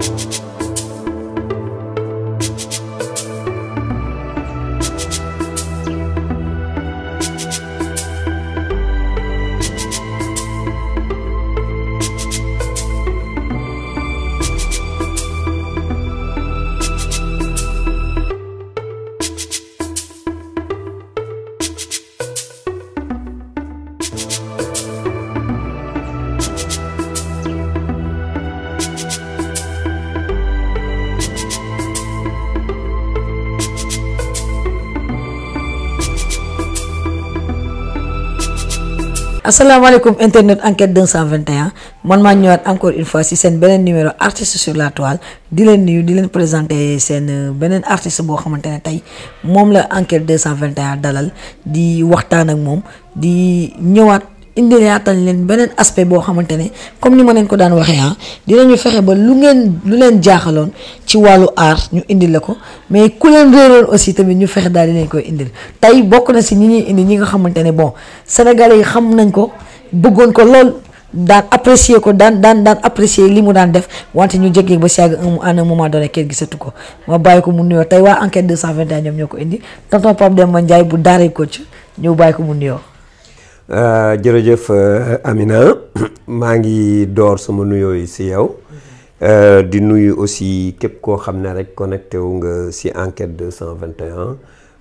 thank you asalaamaaleykum internet enquête 221 man maa ñëwaat encore une fois seen beneen numéro artiste sur la di leen nuyu di leen présenter seen euh, beneen artiste boo xamante ne tey moom la cent enquête 221 dalal di waxtaan ak moom di ñëwaat. indilaatal leen beneen aspect boo xamante ne comme ni ma leen ko daan waxee ah dinañu fexe ba lu ngeen lu leen jaaxaloon ci wàllu aar ñu indi la ko mais ku leen réeroon aussi tamit ñu fexe daal di leen koy indil tey bokk na si ñi ñuy indi ñi nga xamante ne bon sénégalais yi xam nañ ko bëggoon ko lool. daan apprécier ko daan daan daan apprécier li mu daan def wante ñu jéggee ba si yàgg à un moment donné gisatu ko ma bàyyi ko mu nuyoo tey waa enquête 221 ñoom ñoo ko indi tonton Pape Demba Ndiaye bu daaree coach ñu bàyyi ko mu nuyoo. Euh, jërëjëf euh, Amina maa ngi door sama nuyoo yi si yow euh, di nuyu aussi képp koo xam ne rek connecté wu nga si enquête 221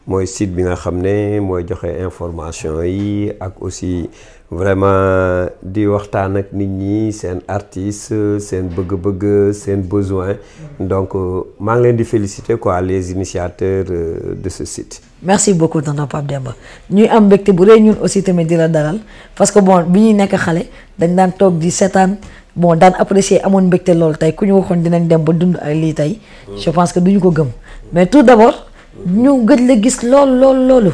mooy site bi nga xam ne mooy joxe information yi ak aussi. vraiment di waxtaan ak nit ñi seen artiste seen bëgg-bëgg seen besoin donc euh, maa ngi leen di féliciter quoi les initiateurs euh, de ce site. merci beaucoup tonton Pape Demba ñuy am mbégte bu rëy ñun aussi tamit di la dalal parce que bon bi ñuy nekk xale dañ daan toog di seetaan bon daan apprécier amoon mbégte loolu tey ku ñu waxoon dinañ dem ba dund ak lii tey. je pense que duñu ko gëm. mais tout d'abord. ñu gëj la gis lool lool loolu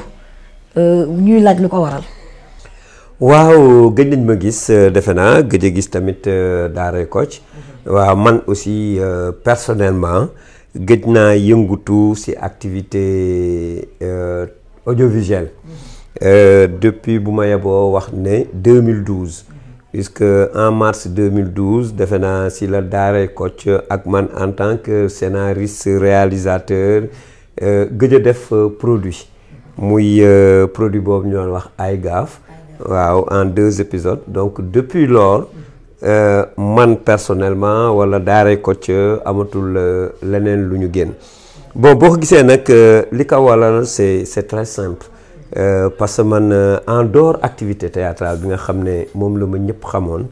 euh, ñuy laaj lu ko waral. waaw gëj nañ ma gis euh, defe naa gëj a gis tamit euh, Daaray Kocc mhm. waaw man aussi euh, personnellement gëj naa yëngutu si activité audiovisuelle mhm. depuis bu ma yeboo wax ne 2012 mhm. puisque en mars 2012 defe naa si la Daaray Kocc ak man en tant que scénariste réalisateur gëj a def produit muy produit boobu ñu doon wax ay gaaf waaw en deux épisodes donc depuis lors euh, man personnellement wala daaray Kocc amatul euh, leneen lu ñu génn bon boo ko gisee nag euh, li ko waral c'est c'est très simple parce que man en dehors activité théâtrale bi nga xam ne moom la ma ñëpp xamoon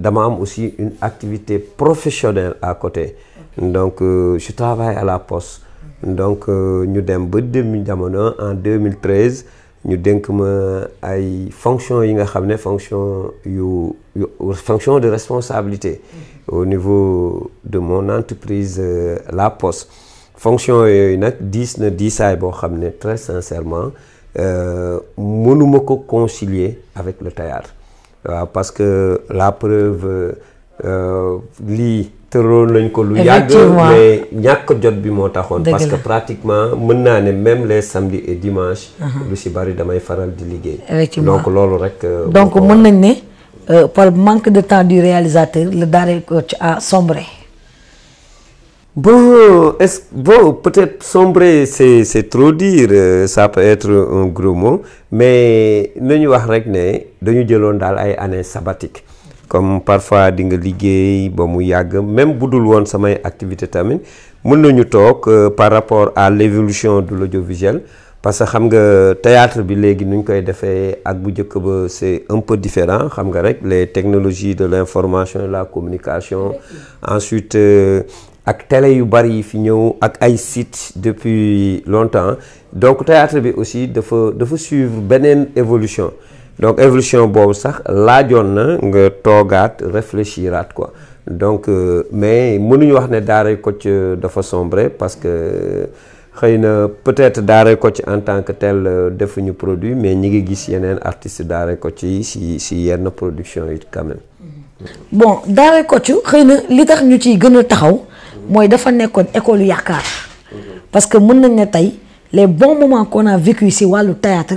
dama am aussi une activité professionnelle à côté donc je travaille à la poste donc ñu dem ba demi jamono en 2013 ñu dénk ma ay fonction yi nga xam ne fonction yu yu fonction de responsabilité mm-hmm. au niveau de mon entreprise euh, La Poste fonction yooyu nag diis na diisaay boo xam ne très sincèrement euh, mënuma ko concilier avec le théâtre waaw parce que la preuve euh, lii loolu nañ ko lu yàgg mais ñàkk jot bi moo taxoon parce que pratiquement mën naa ne même les samedis et dimanches lu si bari damay faral di liggéey donc loolu rek euh, donc mën nañ ne euh, par manque de temps du réalisateur le Daaray Kocc a sombré Bon, est-ce, bon, peut-être sombre c'est, c'est trop dire, euh, ça peut être un gros mot, mais wax rek ne dañu jëloon daal ay années sabatique comme parfois di nga liggéey ba mu yàgg même bu dul woon samay activité tamit mën nañu toog euh, par rapport à l'évolution de l'audiovisuel parce que xam nga théâtre bi léegi nu ñu koy defee ak bu njëkk ba c'est un peu différent xam nga rek les technologie de l'information et la communication ensuite euh, ak télé yu bari yi fi ñëw ak ay sites depuis longtemps donc théâtre bi aussi dafa dafa suivre beneen évolution donc évolution boobu sax laajoon na nga toogaat réfléchiraat ko donc euh, mais mënuñu wax ne daaray Kocc euh, dafa sombre parce que euh, xëy na peut-être daaray Kocc en tant que tel defuñu produit mais ñu ngi gis yeneen artiste daaray Kocc yi si si yenn production yi quand même. Mm-hmm. bon daaray Kocc xëy na li tax ñu ci gën a taxaw. mooy dafa nekkoon école yaakaar. Mm-hmm. parce que mën nañ ne tey les bons moments qu'on a vécu si wàllu théâtre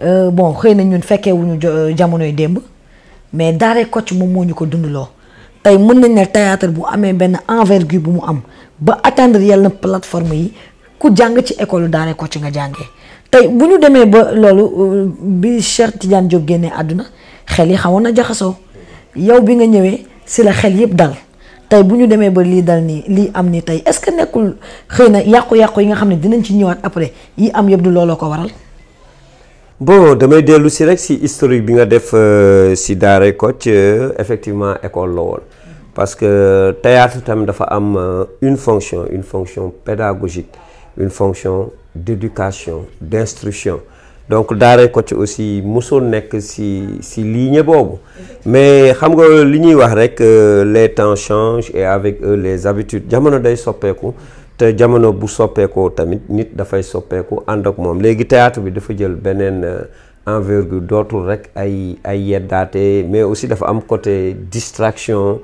Euh, bon xëy nañ ñun fekkee wuñu euh, jamonoy démb mais Daaray Kocc moom moo ñu ko dundaloo tey mën nañ ne théâtre bu amee benn envergure bu mu am ba atteindre yenn plateforme yi ku jàng ci école Daaray Kocc nga jàngee tey bu ñu demee ba loolu euh, bi Cheikh Tidiane Diop génnee àdduna xel yi xawoon na jaxasoo yow bi nga ñëwee si la xel yëpp dal tey bu ñu demee ba lii dal nii lii am nii tey est-ce que nekkul xëy na yàqu-yàqu yi nga xam ne dinañ ci ñëwaat après yi am yëpp du looloo ko waral. bon damay dellu si rek si historique bi nga def euh, si Daaray Kocc euh, effectivement école la woon parce que euh, théâtre tam dafa am une fonction une fonction pédagogique une fonction d'éducation d'instruction donc Daaray Kocc aussi mosul nekk si si ligne boobu mais xam nga li ñuy wax rek les temps changent et avec eux les habitudes jamono day soppeeku te jamono bu soppeekoo tamit nit dafay soppeeku ànd ak moom léegi théâtre bi dafa jël beneen euh, envergure dootul rek ay ay yeddaate mais aussi dafa am côté distraction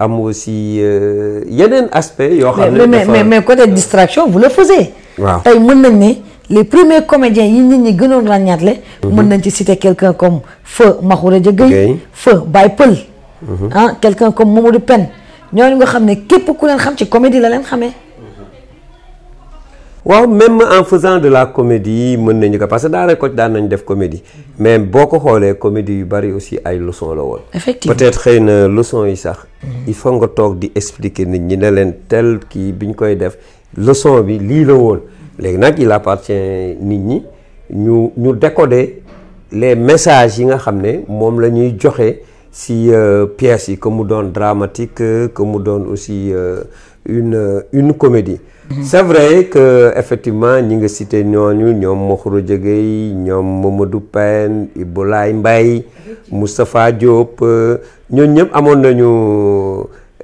am aussi euh, yeneen aspect yoo xam ne mais mais mais côté distraction bu le faisiez. waaw tey mën nañ ne les premiers comédiens yi nit ñi gënoon ràññaatle mhm. mën nañ ci citer quelqu'un comme feu Mahoura Diaguèye feu Baye Pël mhm. ah quelqu'un comme Mamadou Pène ñooñu nga xam ne képp ku leen xam ci comédie la leen xamee waaw même en faisant de la comédie mën nañ ko parce que daara ko daan nañ def comédie mm-hmm. mais boo ko xoolee comédie yu bari aussi ay leçon la woon. effectivement peut xëy na leçon yi sax. Mm-hmm. il faut nga toog di expliquer nit ñi ne leen tel kii bi ñu koy def leçon bi lii la woon mm-hmm. léegi nag il appartient nit ñi ñu ñu décoder les messages yi nga xam ne moom la ñuy joxe ci euh, pièces yi que mu doon dramatique que mu doon aussi. Euh, une euh, une comédie. Mm -hmm. c'est vrai que effectivement ñi nga cité ñooñu ñoom Mokhro Diegay ñoom Mamadou Pène Ibolaay Mbaye Moustapha Diop euh, ñooñu ñëpp amoon nañu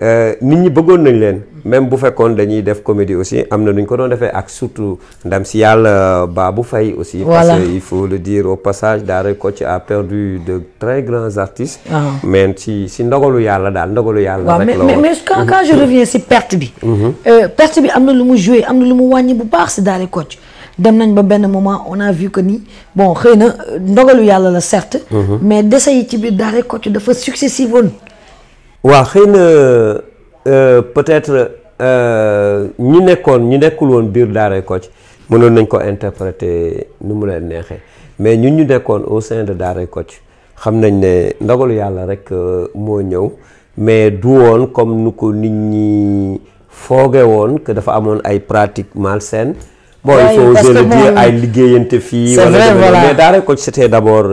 euh, nit ñi bëggoon nañ leen. même bu fekkoon dañuy def comédie aussi am na nu ñu ko doon defee ak surtout ndam si yàlla bu Faye aussi voilà. parce que il faut le dire au passage Daaray Kocc a perdu de très grands artistes ah. mais si si ndogalu yàlla daal ndogalu yàlla rek la mais quand quand je mhm. si perte bi mhm. euh, perte bi am na lu mu joué am lu mu wàññi bu baax si Daaray Kocc dem nañ ba benn moment on a que ni bon xëy na euh, ndogalu yàlla la certes mhm. mais dese yi ci biir Daaray Kocc dafa successive woon waaw xëy na Euh, peut-être euh, ñi nekkoon ñi nekkul woon biir daaray Kocc mënoon nañ ko interpréter nu mu leen neexee mais ñu ñu nekkoon au sein de daaray xam nañ ne ndogalu yàlla rek euh, moo ñëw mais du woon comme nu ko nit ñi fooge woon que dafa amoon ay pratiques malsaines bon il faut oser le dire ay liggéeyante fii wala mais daaray Kocc c'était d'abord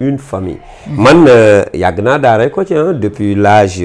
une famille mm. man yàgg naa daaray Kocc depuis l'âge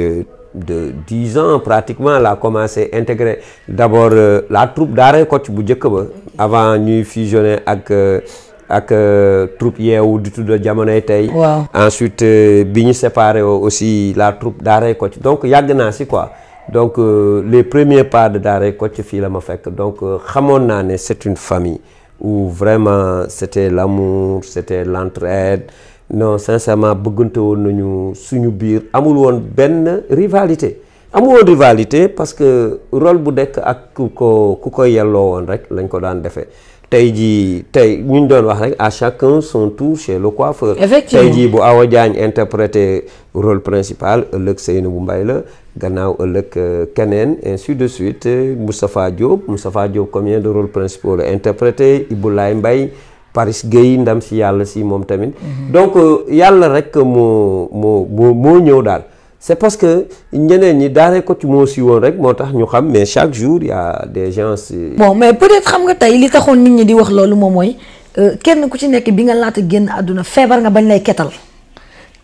de dix ans pratiquement la commencé intégrer d'abord euh, la troupe daaray Kocc bu njëkk ba avant ñuy fusionner ak euh, ak euh, troupe yeewu di tudd jamonoy tey waaw ensuite euh, bi ñu séparé aussi la troupe daaray Kocc donc yàgg naa si quoi donc euh, les premiers pas de daaray Kocc fii la ma fekk donc xamoon naa ne c'est une famille où vraiment c'était l'amour c'était l'entraide non sincèrement bëggunte woon nañu suñu biir amul woon benn rivalité amul woon rivalité parce que rôle bu dekk ak ku ko ku ko yelloo woon rek lañ ko daan defee tey jii tey ñu ñu doon wax rek à chacun son tour chez le coiffeur. effectivement tey jii bu Awa Diagne interprété rôle principal ëllëg bu mbay la gannaaw ëllëg euh, keneen ainsi de suite Moustapha Diop Moustapha Diop combien de rôles principaux la interprété Ibou Laye Paris Gueye ndam si yàlla si moom tamit. Mhm. donc euh, yàlla rek moo moo moo ñëw daal. c'est parce que ñeneen ñi daanee ko ci moo si woon rek moo tax ñu xam mais chaque jour y des gens. bon mais peut-être xam nga tey li taxoon nit ñi di wax loolu moom mooy euh, kenn ku ci nekk bi nga laata génn àdduna feebar nga bañ lay ketal.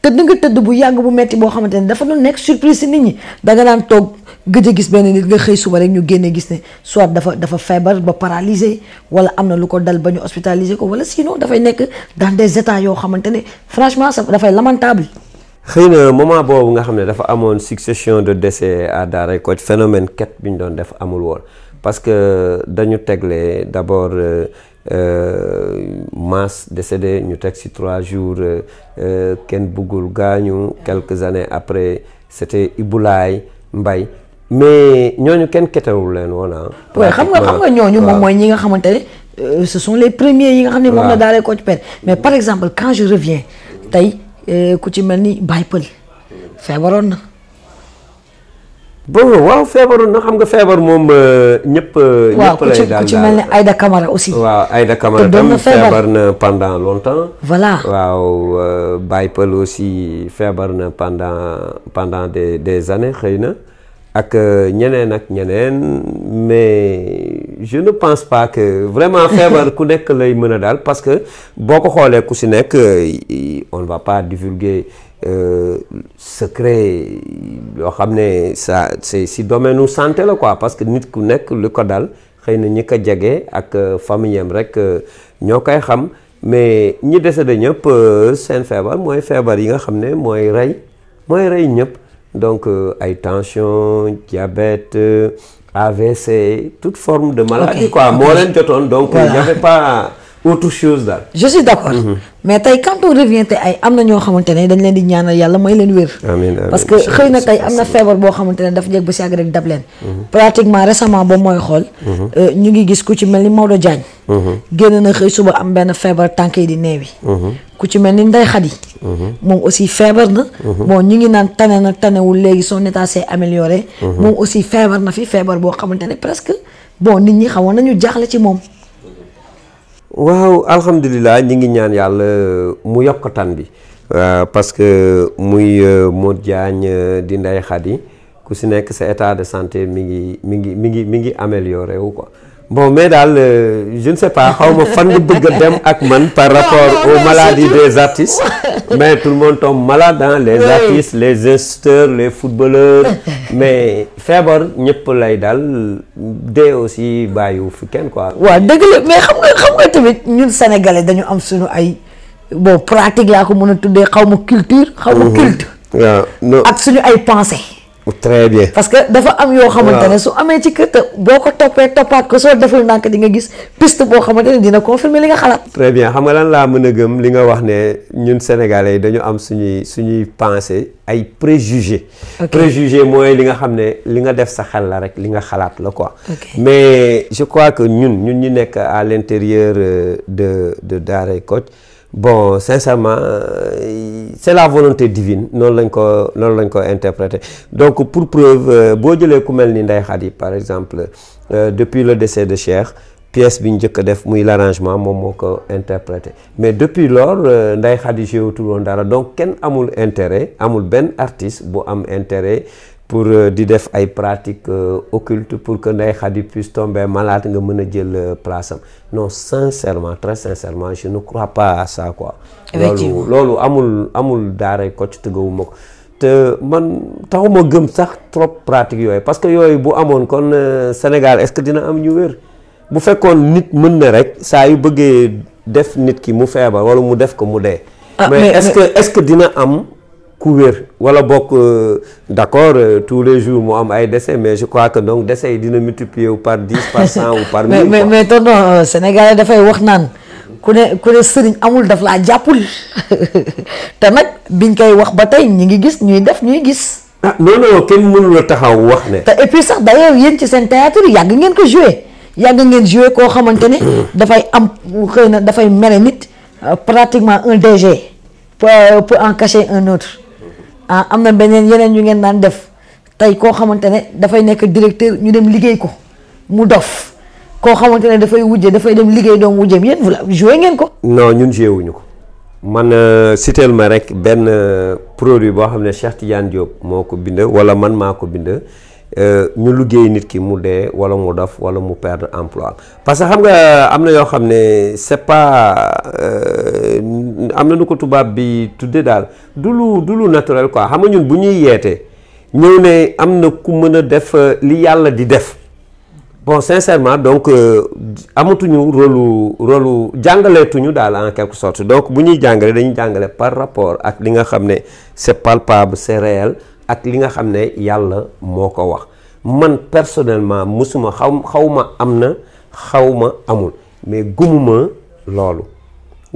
tëdd nga tëdd bu yàgg bu metti boo xamante ne dafa doon nekk surprise si nit ñi danga daan toog gëj a gis benn nit nga xëy suba rek ñu génne gis ne soit dafa dafa feebar ba paralysé wala am na lu ko dal ba ñu hospitalisé ko wala sinon dafay nekk dans des états yoo xamante ne franchement ça dafay lamentable. xëy na moment boobu nga xam ne dafa amoon succession de décès à Daaray Kocc phénomène ket bi ñu doon def amul woon parce que dañu tegle d'abord. Euh, Euh, masse décédé ñu teg ci trois jours euh, euh, kenn bëggul gaañu quelques années après c'était Ibulaay Mbay mais ñooñu kenn ketewul leen woon ah. xam nga xam nga ñooñu moom mooy ñi nga xamante ne ce sont les premiers yi nga xam ne moom la daal ko mais par exemple quand je reviens tey ku ci mel ni Baye Pël feebaroon na. bon waaw feebaru na xam nga feebar moom euh, ñëpp. Euh, ñëpp lay daal ku aussi. waaw Aïda Camara tam feebar na pendant longtemps. voilà waaw euh, Baye Pël aussi feebar na pendant pendant des des années xëy na. ak ñeneen ak ñeneen mais je ne pense pas que vraiment feebar ku nekk lay mën a daal parce que boo ko xoolee ku si nekk on ne va pas divulguer. Euh, secret yoo xam ne sa c'est si domaine nu santé la quoi parce que nit ku nekk lu ko dal xëy na ñi ko jege ak euh, famille rek euh, ñoo koy xam mais ñi décédé ñëpp seen feebar mooy feebar yi nga xam ne mooy rey mooy rey ñëpp donc ay tension diabète AVC toute forme de maladie quoi moo leen jotoon donc il n'y autre chose daal. je suis mm-hmm. mais tey quand on revient tey ay am na ñoo xamante ne dañ leen di ñaanal yàlla may leen wér. amiin parce que xëy na tey am na feebar boo xamante ne daf jeg ba si àgg rek dab leen. Mm-hmm. pratiquement récemment ba mooy xool. Mm-hmm. Euh, ñu ngi gis ku ci mel ni Maodo Diagne. génn na xëy suba am benn feebar tànk yi di neewi. ku ci mel ni Ndeye Khady. moom aussi feebar na. bon ñu ngi naan tane na tanewul léegi son état s'est amélioré. moom aussi feebar na fi feebar boo xamante ne presque bon nit ñi xawoon nañu jaaxle ci moom. waaw alhamdulilah ñi ngi ñaan yàlla uh, mu yokk tan bi. Uh, parce que uh, muy Modou Diagne di Ndeye Khady ku si nekk sa état de santé mi ngi mi ngi mi ngi mi ngi amélioré wu quoi. bon mais daal euh, je ne sais pas xaw ma fan nga bëgg a dem ak man par rapport au maladies des artistes mais tout le monde tombe malade les artistes les gesteurs les footballeurs mais feebar ñëpp lay daal dee aussi bàyyi fi kenn quoi waaw dëgg la mais xam nga xam nga tamit ñun sénégalais dañu am suñu ay bon pratique laa ko mën a tuddee xaw ma culture xaw ma mhm. culte waaw ak suñu ay pensée très bien parce que dafa am yoo xamante ne su amee ci kër te boo ko toppee toppaat ko soo deful ndànk di nga gis piste boo xamante ne dina confirmer li nga xalaat très bien xam nga lan laa mën a gëm li nga wax ne ñun sénégalais yi dañu am suñuy suñuy pensée ay préjugé préjugé mooy li nga xam ne li nga def sa xel la rek li nga xalaat la ko mais je crois que ñun ñun ñu nekk à l'intérieur euh, de de Daaray Kocc bon sincèrement euh, c'est la volonté divine noonu lañ ko noonu lañ ko interprété donc pour preuve euh, boo jëlee ku mel ni Ndeye Khady par exemple euh, depuis le décès de Cheikh pièce bi ñu njëkk a def muy l'arrangement moom moo ko interprété mais depuis lors Ndeye Khady joué woon dara donc kenn amul intéret amul benn artiste bu am intérêt pour euh, di def ay pratiques euh, occultes pour que Ndeye Khady puisse tomber malade nga mën a jël euh, place am non sincèrement très sincèrement je ne crois pas à ça loolu amul amul daaray Kocc tëggawuma ko. te man taxuma gëm sax trop pratique yooyu parce que yooyu bu amoon kon Sénégal est-ce que dina am ñu wér bu fekkoon nit mën na rek saa yu bëggee def nit ki mu feebar walla mu def ko mu dee. Ah, mais est est dina am. ku wér wala bokk euh, d' accord euh, tous les jours mu am ay décès mais je crois que donc décès yi dina multiplier wu par dix par cent ou par mille mais mais tonton euh, sénégalais dafay wax naan ku ne ku ne sëriñ amul daf jàppul te nag biñ koy wax ba tey ñi ngi gis ñuy def ñuy gis ah non non kenn mënu la taxaw wax ne te et puis sax d'ailleurs yéen ci seen théâtre yàgg ngeen ko joué yàgg ngeen joué koo xamante ne dafay am xëy na dafay mere nit pratiquement un DG pour en ah am na beneen yeneen yu ngeen daan def tey koo xamante ne dafay nekk directeur ñu dem liggéey ko mu dof koo xamante ne dafay wujje dafay dem liggéey doom wujjeem yéen voilà joué ngeen ko. non ñun joué wuñu ko man euh, citeel ma rek benn euh, produit boo xam ne Cheikh Tidiane Diop moo ko bind wala man maa ko bind. ñu liggéey nit ki mu dee wala mu daf wala mu perdre emploi parce que xam nga am na yoo xam ne c'est pas euh, am na nu ko tubaab bi tuddee daal du lu du lu naturel quoi am nga ñun bu ñuy yeete ñëw ne am na ku mën a def euh, li yàlla di def bon sincèrement donc euh, amatuñu rôlu rôlu jàngaleetuñu daal en quelque sorte donc bu ñuy jàngale dañuy jàngale par rapport ak li nga xam ne c'est palpable c'est réel ak li nga xam ne yàlla moo ko wax man personnellement musuma xaw xaw ma am na xaw ma amul mais gëmuma loolu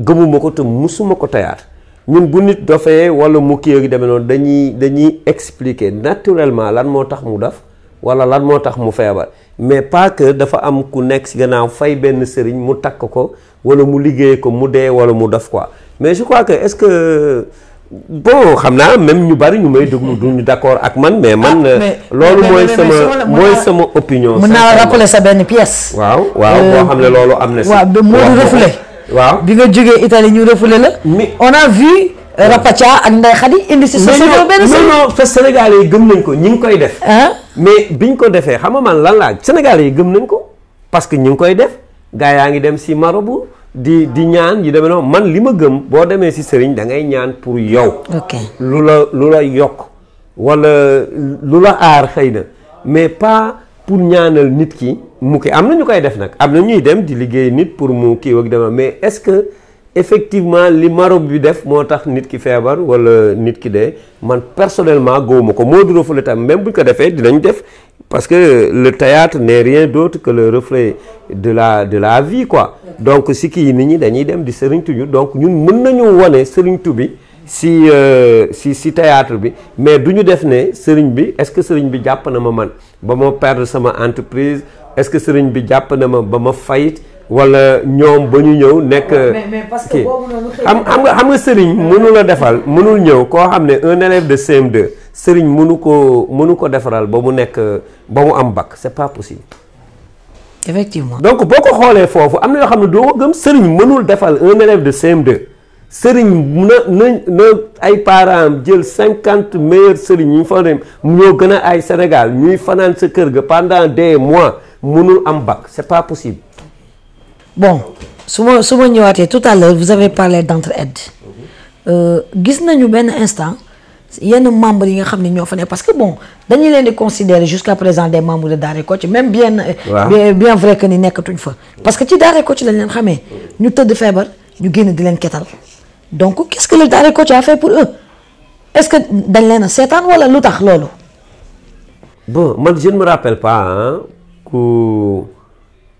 gëmuma ko te musuma ko tayaat ñun bu nit dofee wala mu kii yi demee noonu dañuy dañuy expliquer naturellement lan moo tax mu def wala lan moo tax mu feebar mais pas que dafa am ku nekk si gannaaw fay benn sëriñ mu takk ko wala mu liggéey ko mu dee wala mu dof quoi mais je crois que est-ce que bon xam naa même ñu bari ñu may déglu duñu d'accord ak man mais man. Ah, euh, loolu mooy sama mooy sama opinion. mën naa rappeler sa benn pièce. waaw waaw boo euh, xam ne loolu am na si. waaw moo waaw bi nga jógee Italie ñu refoulé la. on a vu. Euh, Rapatia ak Ndeye Khady indi si. société benn non non parce que yi gëm nañ ko ñi ngi koy def. mais bi ñu ko defee xam nga man lan laa Sénégal yi gëm nañ ko parce que ñi ngi koy def gaa yaa ngi dem si bu di di ñaan yi demee noonu man li ma gëm boo demee si sëriñ da ngay ñaan pour yow. ok lu la lu la yokk wala lu la aar xëy na mais pas pour ñaanal nit ki mu ki am na ñu koy def nag am na ñuy dem di liggéey nit pour mu kii ak demee mais est-ce que. effectivement li maro bi def moo tax nit ki feebar wala nit ki de man personnellement gowuma ko moo duro fële tam même bu ñu ko defee dinañ def parce que le théâtre n'est rien d'autre que le reflet de la de la vie quoi donc si kii nit ñi dañuy dem di sëriñtu ñu donc ñun mën nañu wane sëriñtu bi si euh, si si théâtre bi mais du ñu def ne sëriñ bi est-ce que sëriñ bi jàpp na ma man ba ma perdre sama entreprise est-ce que sëriñ bi jàpp na ma ba ma fayit wala ñoom ba ñu ñëw nekk kii xam xam nga xam nga sëriñ mënu defal mënul ñëw koo xam ne un élève de CM2 sëriñ mënu ko mënu ko defaral ba mu nekk ba mu am bac c'est pas possible effectivement donc boo ko xoolee foofu am na yoo xam ne doo ko gëm mënul defal un élève de CM2 sëriñ na na na ay parents jël cinquante meilleurs sëriñ ñu fa dem ñoo gën a ay Sénégal ñuy fanaan sa kër ga pendant des mois mënul am bac c'est pas possible bon su ma su ma ñëwaatee tout à l'heure vous avez parlé d'entraide mhm. euh, gis nañu benn instant yenn membre yi nga xam ne ñoo fa ne parce que bon dañu leen di considérer jusqu'à présent des membres de Daaray Kocc même euh, bien bien vrai que ni nekkatuñ fa parce que ci Daaray Kocc lañ leen xamee mhm. ñu tëdd feebar ñu génn di leen ketal donc qu'est-ce que le Daaray Kocc a fait pour eux est-ce que dañ leen a seetaan wala lu tax loolu bon man je ne rappelle pas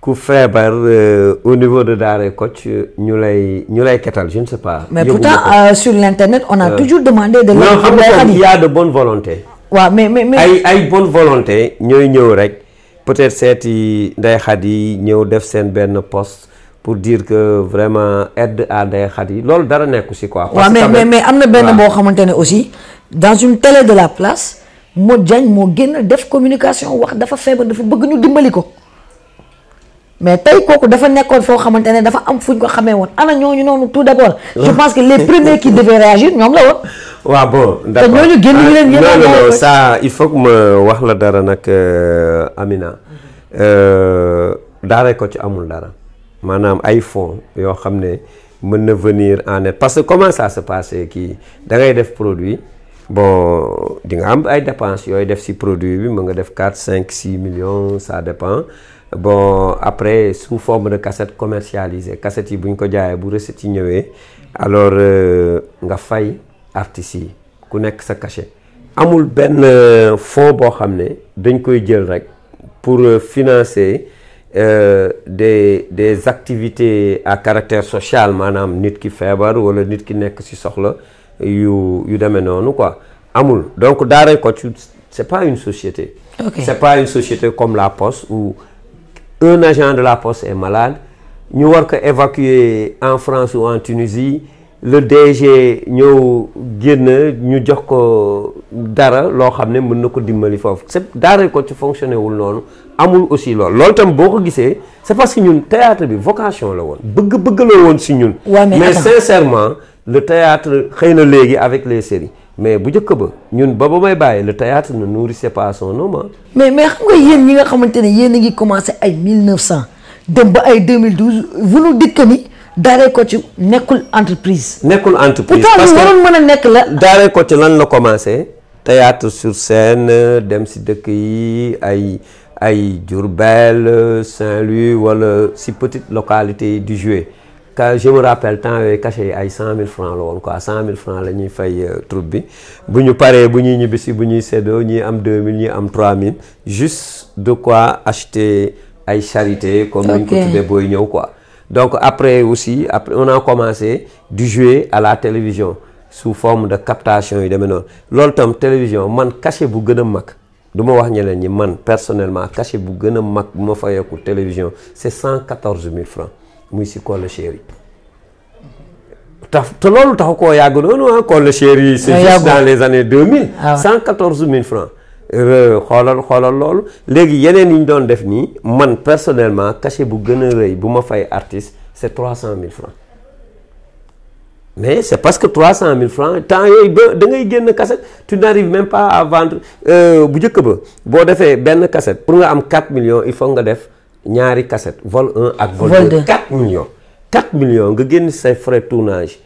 ku feebar euh, au niveau de Daaray Kocc ñu lay ñu lay ketal je ne sais mais pourtant euh, sur l'internet on a euh... toujours demandé. de non xam nga il y waaw mais mais mais ay ay bonne volonté ñooy ñëw rek peut-être seeti Ndeye Khady ñëw def seen benn poste pour diir que vraiment aide à Ndeye yi loolu dara nekku si quoi. parce que mais mais am na benn boo xamante ne aussi dans une télé de la place Modou Diagne moo génn def communication wax dafa feebar dafa bëgg ñu dimbali ko. mais tey kooku dafa nekkoon foo xamante ne dafa am fu fuñ ko xamee woon ana ñooñu noonu tout d'abord. je pense que les premiers qui devaient réagir ñoom la woon. waaw bon d'accord te ñooñu génn ñu leen yéen ah, non non ça il faut ma wax la dara nag euh, Amina. Euh, daaree ko ci amul dara maanaam ay fonds yoo xam ne mën na venir en aide parce que comment ça se passe kii da def produit. bon di nga am ay dépenses yooyu def si produit bi mën nga def 4 cinq 6 millions ça dépend bon après sous forme de cassette commercialisée cassette yi bu ñu ko jaayee bu recette yi ñëwee alors euh, nga fay artistes yi ku nekk sa cachet amul benn euh, fonds boo xam ne dañ koy jël rek pour euh, financer Euh, des des activités à caractère social maanaam nit ki feebar wala nit ki nekk si soxla yu yu demee noonu quoi amul donc Daaray Kocc c'est pas une société okay. c'est pas une société comme la Poste ou un agent de la poste est malade ñu war ko évacuer en France ou en Tunisie le DG ñëw génn ñu jox ko dara loo xam ne mën na ko dimbali foofu c'est daara ko ci fonctionné wul noonu amul aussi loolu loolu tam boo ko gisee c'est parce que ñun théâtre bi vocation la woon bëgg bëgg la woon si ñun mais sincèrement le théâtre xëy na léegi avec les séries mais bu njëkk ba ñun ba ba may bàyyi le théâtre ne nourrissait pas son nom mais mais xam nga yéen ñi nga xamante ne yéen a ngi commencé ay 1900 dem ba ay 2012 vous nous dites que ni Daaray Kocc nekkul entreprise. nekkul entreprise parce que waroon mën a nekk la. Daaray Kocc lan la commencé. théâtre sur scène dem si dëkk yi ay ay Diourbel Saint-Louis wala si petite localité du di ka je me rappelle temps yooyu cachet yi ay cent mille francs la woon quoi cent mille francs la fay euh, troupe bi bu ñu paree bu ñuy ñibbisi bu ñuy seddoo ñii am deux mille ñii am trois mille juste de quoi acheter ay charité comme ni ñu ko tuddee booy ñëw quoi donc après aussi après on a commencé di jouer à la télévision sous forme de captation yi demee noonu loolu tam télévision man cachet bu gën a mag du ma wax ñeneen ñi man personnellement cachet bu gën a mag bu ma fayeeku télévision c'est cent quatorze mille francs muy si Kolle Chéri tax te loolu taxu koo yàgg noonu ah Kolle Chéri c'est juste dans les années 2000 ah cent quatorze mille francs xoolal xoolal loolu léegi yeneen yi ñu doon def nii man personnellement cachet bu gën a rëy bu ma fay artiste c'est trois cent mille francs mais c'est parce que trois cent mille francs temps yooy ba da ngay génn cassette tu n'arrives même pas avant vendre euh, bu jëkk ba boo defee benn cassette pour nga am 4 millions il faut nga def ñaari cassette vol 1 ak vol 2 4 millions 4 millions nga génn say frais tournage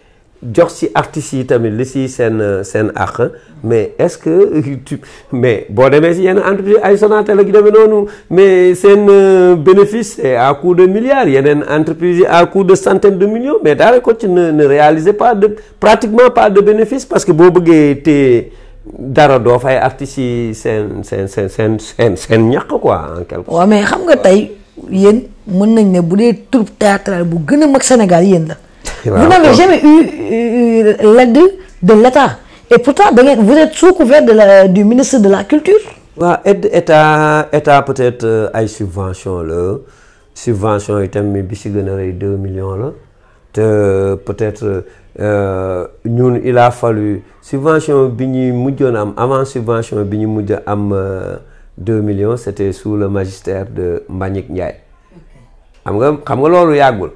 jox si artistes yi tamit li si seen seen àq mais est-ce que tu mais boo demee si yenn entreprise ay Sonatel ak demee noonu mais seen euh, bénéfice est à coup de milliards yeneen entreprise yi à coup de centaines de millions mais daal ko ci ne ne réaliser pas de pratiquement pas de bénéfice parce que boo bëggee te dara doo fay artistes yi seen seen seen seen seen seen ñàkk quoi yéen mën nañ ne bu dee troupe théâtrale bu gën a mag Sénégal yéen la. vous n'avez jamais eu euh, l'aide de l'État et pourtant da ngeen vous êtes sous couvert de du ministre de la culture. waa et état état peut-être euh, ay subvention la subvention yi tamit bi si gën a rëy deux la te peut-être euh, ñun il a fallu subvention bi ñuy mujjoon am avant subvention bi ñu mujj am. 2 millions c' était sous le magistère de Mbagnick Ndiaye. xam nga xam nga loolu yàggul.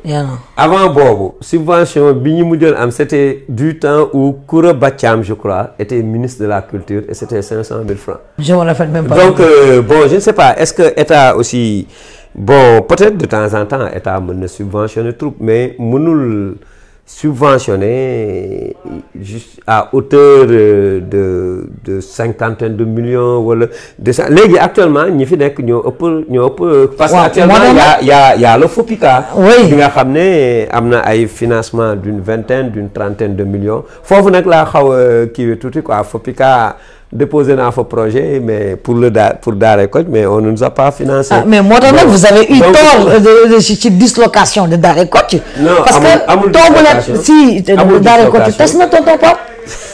avant boobu. subvention bi ñu mujjoon am c' était du temps où Koura Bacham je crois était ministre de la culture et c' était 500 000 francs. je pas. donc euh, bon je ne sais pas est ce que état aussi bon peut être de temps en temps état mën na subventionner troupe mais mënul. subventionné juste à hauteur euh, de de cinquantaine de million wala deux cent léegi actuellement ñi fi nekk ñoo ëpp ñoo ëpp. parce que actuellement y' a y' a le FOPICA. oui bi nga xam ne am na ay financement d' une vingtaine d' une trentaine de million foofu nag laa xaw a kiiwee tuuti quoi FOPICA. déposé naa fa projet mais pour le da pour Daaray Kocc mais on ne nous a pas financé. Ah, mais moo ta nag vous avez eu tort euh, ci dislocation de Daaray Kocc. non parce que na si euh, Daaray Kocc tas na tonton Pape.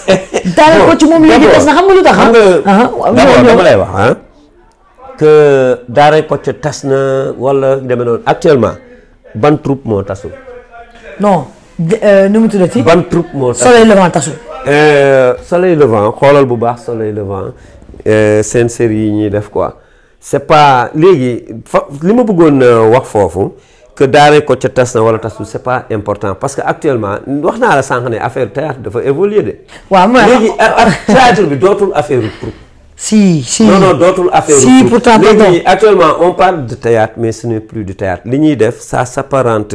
Daaray Kocc moom léegi tas na xam nga lu tax. xam nga ah? Ah, d'abord tas na wala demee noonu actuellement ban troupe moo tasul. non euh, nu mu ban troupe moo tasul Soleil Euh, soleil levant xoolal bu baax soleil levant euh, seen série yi ñuy def quoi c'est pas léegi fa li ma bëggoon euh, wax foofu que daare ko ca tas na wala tasul c'est pas important parce que actuellement wax naa la sànq ne affaire théâtre dafa évoluer de. waaw mooy léegi théâtre bi dootul affaire troupe si si non dootul affaire si pourtant léegi actuellement on parle de théâtre mais ce n'est plus du théâtre li ñuy def ça s'apparente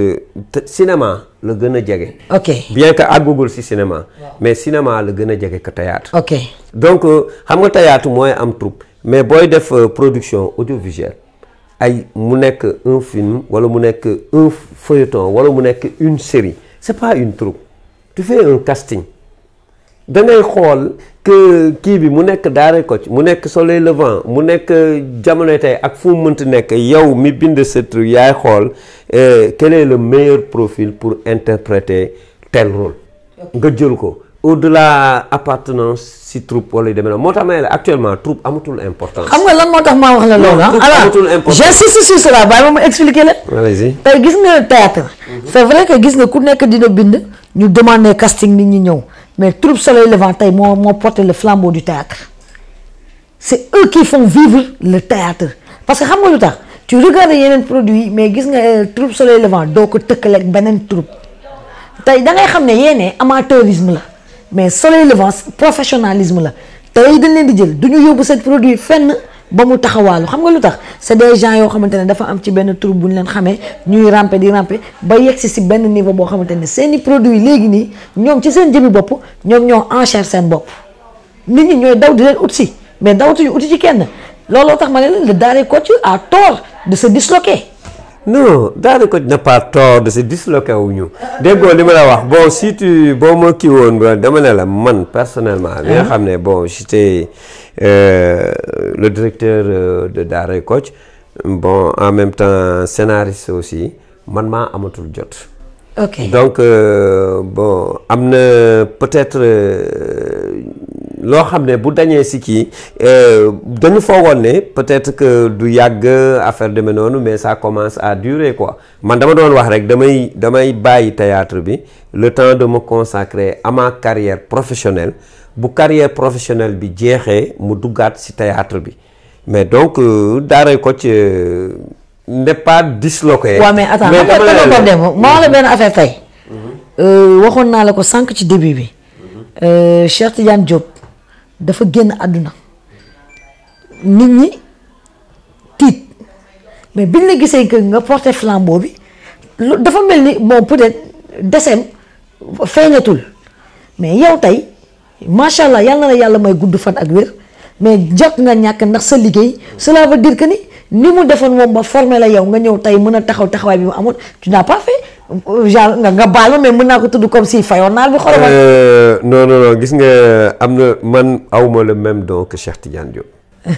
cinéma la gën a jege. ok bien que àggugul si cinéma. mais cinéma la gën a jege que théâtre. ok donc euh, xam nga théâtre mooy am troupe mais booy def euh, production audiovisuelle ay mu nekk un film wala mu nekk un feuilleton wala mu nekk une série c'est pas une troupe tu fait un casting. da ngay xool que kii bi mu nekk ko ci mu nekk Soleil Levant mu nekk jamonoy tey ak fu mu mënti nekk yow mi bind sa truc yaay xool eh, quel est le meilleur profil pour interpréter tel rôle. nga jël ko au-delà appartenance si troupe wala yu demee noonu moo tax ma la actuellement troupe amatul importance. xam nga lan moo tax maa wax la loolu ah. alors amatul importance j'insiste sur cela bàyyi ma ma expliquer leen. allez-y tey gis nga théâtre. Mhm. c'est vrai que gis nga ku nekk dina bind ñu demander casting nit ñi ñëw. mais troupe Soleil Levant tey moo moo porté le flambeau du théâtre c'est eux qui font vivre le théâtre parce que xam nga lu tax tu regardes yeneen produits mais gis nga euh, troupe Soleil Levant doo ko tëkkale ak beneen troupe tey da ngay xam ne yéene amateurisme la mais Soleil Levant professionnalisme la tey dañ leen di jël du ñu yóbbu seen produit fenn. ba mu taxawaalu xam nga lu tax c'est des gens yoo xamante ne dafa am ci benn troupe bu ñu leen xamee ñuy ramper di ramper ba yegg si si benn niveau boo xamante ne seeni produit léegi nii ñoom ci seen jëmi bopp ñoom ñoo encher seen bopp nit ñi ñooy daw di leen ut si mais dawatuñu uti ci kenn looloo tax ma ne leen le Daaray Kocc a tort de se disloquer. non daanaka n'a pas tort de se disloqué wu ñu déggoo li ma la wax boo siti boo ma kii woon ba dama ne la man personnellement li nga ah. xam ne boo j'étais euh, le directeur euh, de Daaray Kocc bon en même temps scénariste aussi man maa amatul jot donc euh, bon am na peut-être euh, loo xam ne bu dañee si kii euh, dañu foogoon ne peut-être que du yàgg affaire demee noonu mais ça commence a durer ko man dama doon wax rek damay damay bàyyi théâtre bi le temps de me consacrer à ma carrière professionnelle bu carrière professionnelle bi jeexee mu duggaat si théâtre bi mais donc euh, daaray ko ci euh, n'est pas disloqué. waaw mais attends mais dama la mm-hmm. benn affaire tey. Mm-hmm. waxoon naa la ko sànq ci début bi. Mm-hmm. Cheikh Tidiane dafa génn àdduna nit ñi tiit mais biñ la gisee que nga porté flambeau bi lu dafa mel ni bon peut-être desem feeñatul mais yow tey macha allah yal na yàlla may gudd fan ak wér mais jot nga ñàkk ndax sa liggéey cela veut dire que ni ni mu defoon moom ba formé la yow nga ñëw tey mën a taxaw taxawaay bi mu amoon tu n'as pas genre nga baal ma mais mën naa ko tudd comme si fayoon naal bi xoolal ma. Euh, non non gis nga am na man awma le même don que Cheikh Tidiane Diop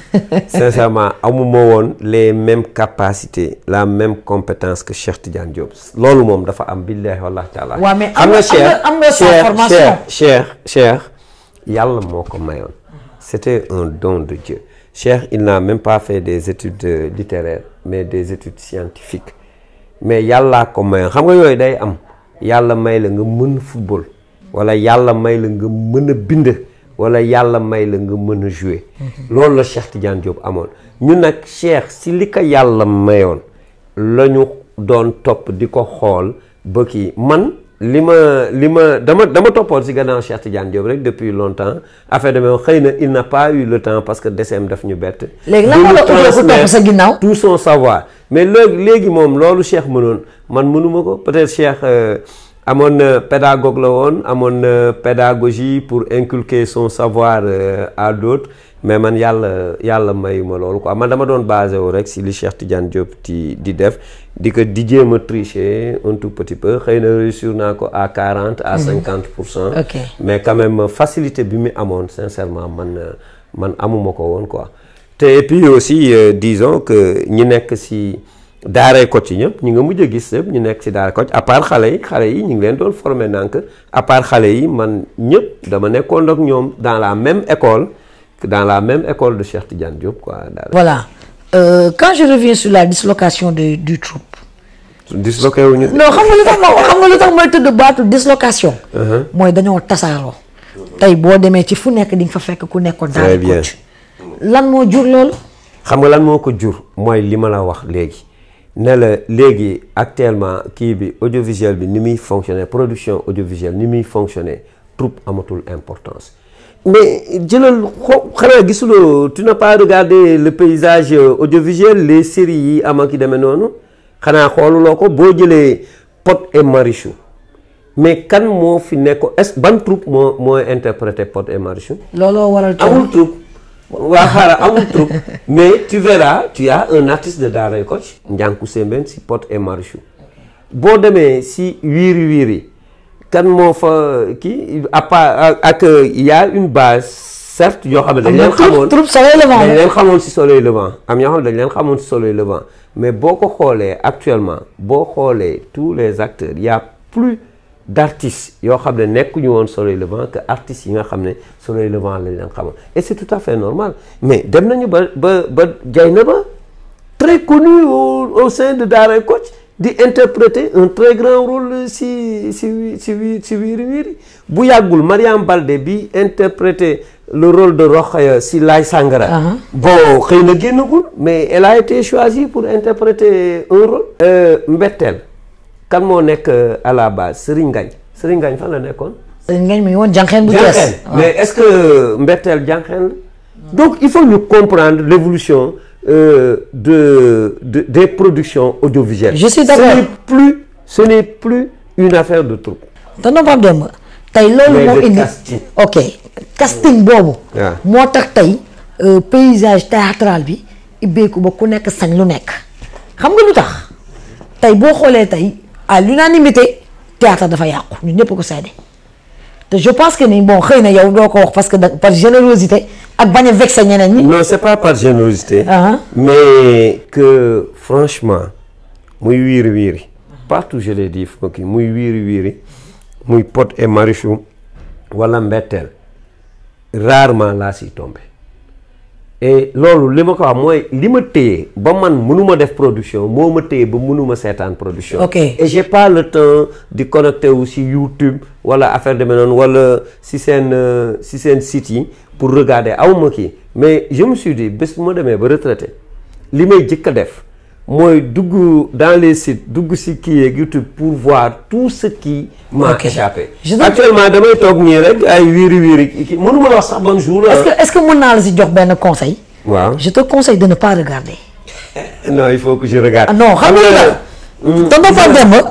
sincèrement amuma woon les même capacité la même compétence que Cheikh Tidiane Diop loolu moom dafa am billahi wallahi taala. waaw mais am nga am nga sa formation Cheikh Cheikh yàlla moo ko mayoon. c'était un don de Dieu il n'a même pas fait des études euh, littéraires mais des études scientifiques. mais yàllaa ko mayoon xam nga yooyu day am yàlla may la nga mën football wala yàlla may la nga mën a bind wala yàlla may la nga mën a jouer mhm. loolu la Cheikh Tidiane Diop amoon ñun nag Cheikh si li ko yàlla mayoon la ñu doon topp di ko xool ba kii man li ma li ma dama dama toppoon si gannaaw Cheikh Tidiane Diop rek depuis longtemps affaire de même xëy na il n'a pas eu le temps parce que décembre daf ñu bett sa ginnaaw mais léegi léegi moom loolu Cheikh mënoon man mënuma ko peut-être Cheikh euh, amoon na pédagogue la woon amoon na pédagogie pour inculquer son savoir euh, à d'autres mais man yàlla yàlla mayuma loolu ko man dama doon basé wu rek si li Cheikh Tidiane Diop di di def di ko di jéem a tricher un tout petit peu xëy na réussir naa ko à quarante à mhm. cinquante pour cent mais quand même facilité bi mu amoon sincèrement man man amuma ko woon quoi te et puis aussi euh, disons que ñi nekk si daaray Kocc yi ñëpp ñu nga mujj a gis yëpp ñu nekk si daaray Kocc à part xale yi xale yi ñu ngi leen doon formé nank à part xale yi man ñëpp dama nekkoon ak ñoom dans la même école dans la même école de Cheikh Tidiane Diop quoi. voilà euh, quand je reviens la dislocation de du troupe. disloqué wu ñu. non xam nga lu xam nga lu tax may tëdd baatu dislocation. Uh-huh. mooy dañoo tasaaroo. tey boo demee ci fu nekk di nga fa fekk ku nekkoon. très bien Daaray lan moo jur loolu. xam nga lan moo ko jur mooy li ma la wax léegi ne la léegi actuellement kii bi audiovisuel bi ni muy fonctionner production audiovisuelle ni muy fonctionner troupe amatul importance. mais jëlal xo xanaa gisuloo tu n'as le paysage audiovisuel les séries yi am ak yi demee noonu xanaa xooluloo ko boo jëlee Pod et Marichou mais kan moo fi nekk est ban troupe moo moo interprété Pod et Marichou. looloo waral amul troupe. waa xaaral amul troupe mais tu verras tu as un artiste de Daaray Kocc Ndiankou Sembène si Pod et Marichou boo demee si wiiri wiiri kan moo fa kii à part ak y a une base certes yoo xam ne dañ leen xamoon troupe soleil levant xamoon si soleil levant am ñoo dañ leen xamoon si soleil mais boo ko xoolee actuellement boo xoolee tous les acteurs y plus d' artistes yoo xam ne nekkuñu woon Soleil Levant que artistes yi nga xam ne Soleil Levant lañ leen xamoon et c' est tout à mais dem nañu ba ba ba Dieynaba très connu au, au sein de Daaray Kocc di interpréter un très grand rôle si si si si wiiri wiiri bu yàggul Mariam Balde bi interpréter le rôle de Rokhaya si Laay Sangara ah. bon xëy na génn génnagul mais elle a été pour interpréter un rôle euh, kan moo nekk euh, à la base Serigne Ngagne Serigne Ngagne fan la nekkoon. Serigne Ngagne mi ngi woon ah. mais est-ce que euh, Mbertel jànqeen la. donc il faut ñu comprendre l'évolution euh, de, de des productions audiovisuelles. je suis d'accord ce n'est plus ce n'est plus une affaire de troupe. tonton Pape Demba tey loolu moo indi ok casting boobu. moo tax tey euh, paysage théâtral bi ibbeeku ba ku nekk sañ lu nekk. xam nga lu tax tey boo xoolee tey. à l'unanimité théâtre dafa yàqu ñun ñëpp ko seede te je pense que nii bon xëy na yow doo ko wax parce que par générosité ak bañ a vexé ñeneen ñi. non c'est pas par générosité. Uh ah. -huh. mais que franchement muy wiiri wiiri partout je l'ai dit foofu muy wiiri wiiri muy Pod et Marichou wala Mbetteel rarement laa siy tombé. loolu li ma ko am mooy li ma téye ba man mënuma def production moo ma téye ba mënuma seetaan production. ok et j'ai pas le temps di connecté wu si YouTube wala affaire demee noonu wala si seen euh, si seen site yi pour regarder aw ma kii mais je me suis dit bés ma demee ba retraité li may jëkk a def. mooy dugg dans les sit dugg si kii yeeg YouTube pour voir tout ce qui m'a échappé actuellement damay toog nii rek ay wiiri wiiri kii mënuma la wax sax bon jour est-ce que euh. est-ce que mën naa la jox benn conseil waaw je te conseille de ne pas regarder non il faut que je regarde ah non xam hmm.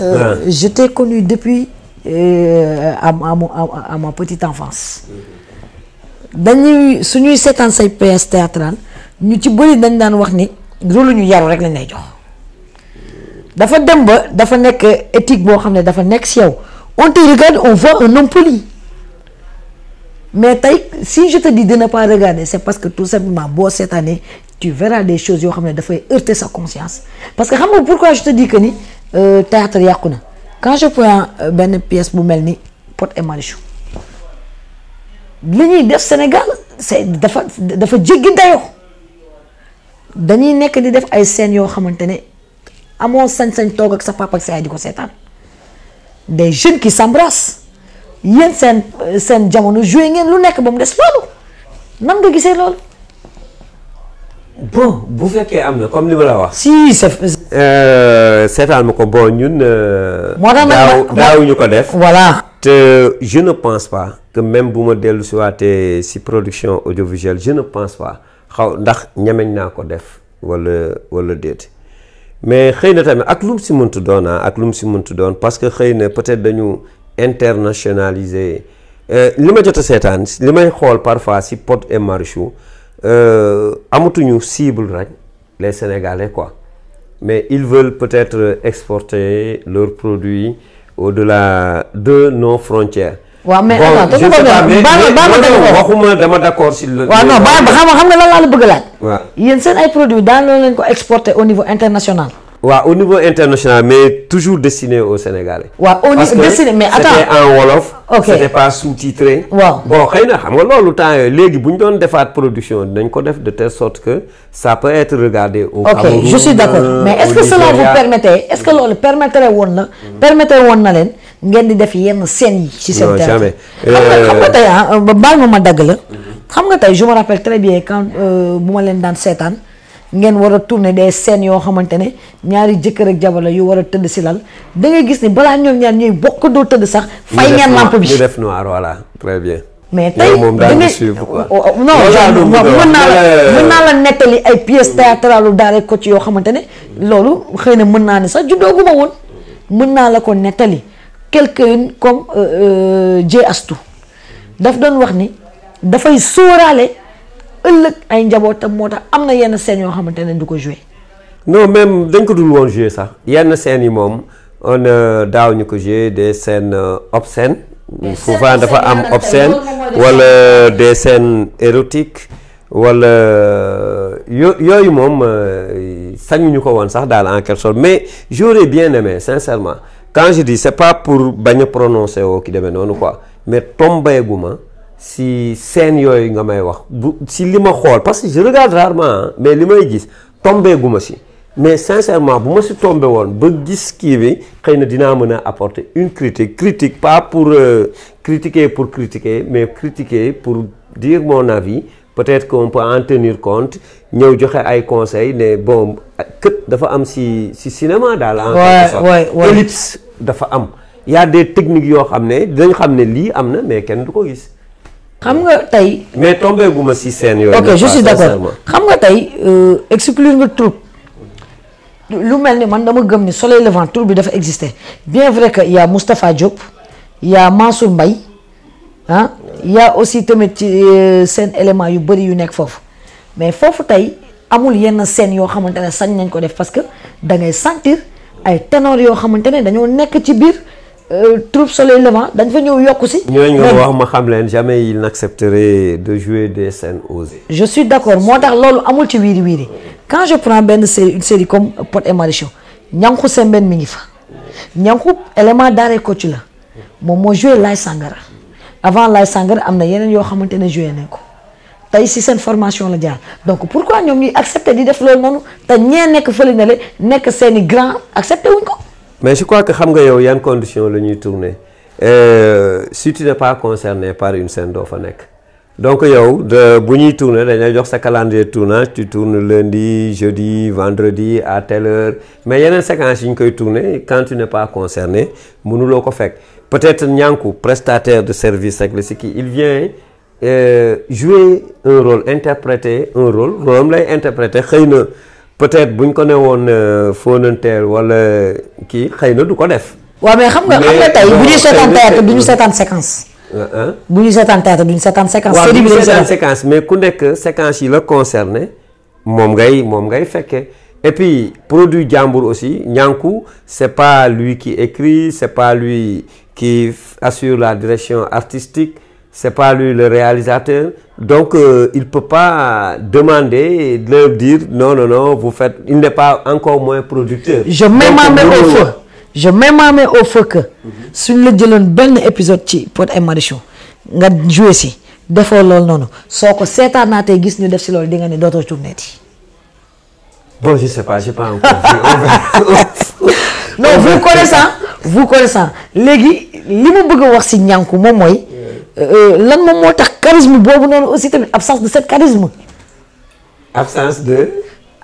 euh, ah. depuis euh, ma petite enfance dañuy suñuy seetaan say pièces théâtrales ñu ci bëri dañ daan wax ni loolu ñu yaru rek lañ lay jox dafa dem ba dafa nekk éthique boo xam ne dafa nekk si yow on te regarde on voit un homme poli mais tey si je te dis de ne pas regarder c'est parce que tout simplement boo seetaanee tu verras des choses yoo xam ne dafay heurter sa conscience parce que xam nga pourquoi je te dis que ni euh, théâtre yàqu na quand je prends euh, benn pièce bu mel ni pot et Marichou li ñuy def Sénégal c'est dafa dafa jéggi dayoo. dañuy nekk di def ay scènes yoo xamante ne amoo sañ-sañ toog ak sa papa ak sa yaay di ko seetaan des jeunes ki s'embrassent yéen seen seen jamono joué ngeen lu nekk ba mu des loolu nan nga gisee loolu. bon bu fekkee am na comme li ma la wax. si c' est. Euh, seetaan ma ko bon ñun. Euh, moo tax nag daawuñu ko def. voilà te je ne pense pas que même bu ma dellu si waatee si production audiovisuelle je ne pense pas. xaw ndax ñemeñ naa ko def wala wala déet mais xëy na tamit ak lu si mëntu doon ah, ak lu mu si mëntu doon parce que xëy na peut-être dañu internationaliser euh, li ma jot a seetaan li may xool parfois si Pod et Marichou euh, amatuñu cible rek les Sénégalais quoi mais il veulent peut-être exporter leurs produits au-delà de nos frontières waaw mais attends te ko waxuma dama d'accord si non ba xam xam nga lan laa la bëgg a laaj. waaw seen ay produits daan loolu leen ko exporter au niveau international. waa au niveau international mais toujours destiné au Sénégalais. waaw au niveau destiné mais attends parce que c'était en wolof. ok c'était pas sous-titré. waaw bon xëy na xam nga loolu temps léegi bu ñu doon defaat production dañ ko def de telle sorte que ça peut être regardé. au Cameroun ok je suis euh, est-ce que cela vous permettait est woon na. permettre woon na leen. ngeen di def yenn scène yi. ci seen théâtre xam nga euh, tey ah ba baal ma dagg la. xam nga tey je me rappelle très bien quand euh, bu ma leen daan seetaan ngeen war a tourner des seen yoo xamante ne ñaari jëkkër ak jabar la yu war a tëdd si lal da ngay gis ni balaa ñoom ñaar ñuy bokk doo tëdd sax. fay ngeen lampe bi mais tey moom daal di suivre quoi oh, oh, non mën naa la euh. mën naa la nettali ay pièces théâtrales daal ko yoo xamante ne loolu xëy na mën naa ne sax juddooguma woon mën naa la ko nettali quelqu'un comme Dieu euh, Astou daf doon wax ni dafay sóoraale ëllëg ay njabootam moo tax am na yenn scènes yoo xamante ne du ko joué. non même dañ ko dul woon joué sax yenn scènes yi moom on euh, daaw ñu ko joué des scènes euh, obscènes souvent dafa am obscène wala des scènes érotiques wala yo yooyu moom sañuñu ko woon sax daal en quelque sorte mais j'aurais bien aimé sincèrement quand je dis c'est pas pour bañ a prononcer woo ki demee noonu quoi mais tombeegu ma si scène yooyu nga may wax bu si li ma xool parce que je regarde mais li may gis tombeegu si mais sincèrement bu ma si tombe woon ba gis kii bi xëy na dinaa mën a apporter une critique critique pas pour euh, critiquer pour critiquer mais critiquer pour dire mon avis peut-être qu'on peut en tenir compte ñëw joxe ay conseils ne bon kët dafa am si si cinéma daal. en quelque sorte ellipse dafa am. yaa a des yoo xam ne dañ xam ne lii am na mais kenn du ko gis. xam nga tey. mais tombé gu si seen yooyu. ok je suis d'accord xam nga tey euh, exclure nga troupe. lu mel ni man dama gëm ni soleil levant troupe bi dafa exister bien vrai que y a Moustapha Diop y a ah y'a aussi tamit ci euh, seen élément yu bëri yu nekk foofu mais foofu tey amul yenn scène yoo xamante ne sañ nañ ko def parce que da ngay sentir ay ténor yoo xamante ne dañoo nekk ci biir euh, troupe Soleil Levant dañ fa ñëw yokku si. ñooñu nga wax ma xam leen jamais ils n'accepteraient de jouer des scènes osées. je suis d'accord moo tax loolu amul ci wiiri wiiri quand je prends benn série une série comme Pod et Marichou Ñanku Sembène mi ngi fa Ñanku élément daaree ko la moom moo joué Laye Sangara. avant Laye Sangaré am na yeneen yoo xamante ne joué nañ ko tey si seen formation la jaar donc pourquoi ñoom ñuy accepter di def loolu noonu te ñee nekk fële na le nekk seen i grand accepté wuñ ko. mais je crois que xam nga yow yan condition la ñuy tourner euh, si tu n'es pas concerné par une scène doo fa nekk. donc yow de bu ñuy tourner dañ lay jox sa calendrier de tournage tu tournes lundi jeudi vendredi à telle mais yeneen séquence yi ñu koy tourner quand tu n'es pas concerné mënuloo ko fekk. peut-être Niankou prestataire de service ak la si ki il vient euh, jouer un rôle interpréter un rôle moom lay interpréter xëy na peut-être buñ ko ne woon euh, fonanteer wala kii xëy na du ko def. waaw mais xam nga xam nga tey euh, bu ñuy seetaan théâtre du ñu seetaan séquence. bu ñuy seetaan théâtre séquence. mais ku nekk séquence yi la concerné moom ngay moom ngay fekkee. et puis produit jàmbur aussi Niankou c'est pas lui qui écrit c'est pas lui qui assure la direction artistique c'est pas lui le réalisateur donc euh, il peut pas demander de leur dire non non non vous faites il n'est pas encore moins producteur. je mets ma main au feu je mets ma main au feu que. Mhm. suñ la jëloon benn épisode ci Pod et Marichou nga joué si defoo loolu noonu soo ko seetaanaatee gis ñu def si lool di nga ne dootoo tourné ti. bon je sais pas vous connaissant léegi li ma bëgg a wax si ñànku moom mooy euh, lan moom moo tax charisme boobu noonu aussi tamit absence de cet charisme. absence de.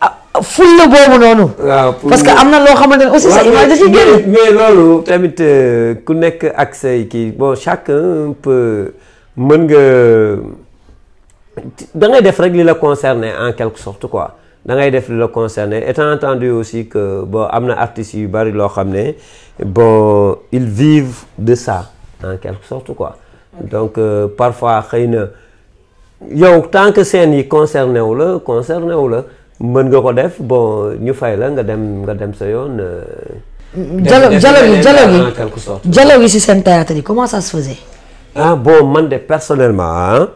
Ah, fulla boobu noonu. waaw parce que am na loo xamante ne aussi. sa image mais loolu tamit euh, ku nekk ak say kii bon chacun peut mën nga dangay def rek li la concerner en quelque sorte quoi. da def la concerné étant entendu aussi que bon am na artistes yu bari loo xam ne bon ils vive de ça en quelque sorte quoi donc euh, parfois xëy na yow tant que scène yi concerné wu la concerné wu la mën nga ko def boo ñu fay la nga dem nga dem sa yoon. Euh, dialogue dialogue yi dialogue yi dialogue yi ci seen théâtre yi comment ça se faisait. ah bon man de personnellement ah.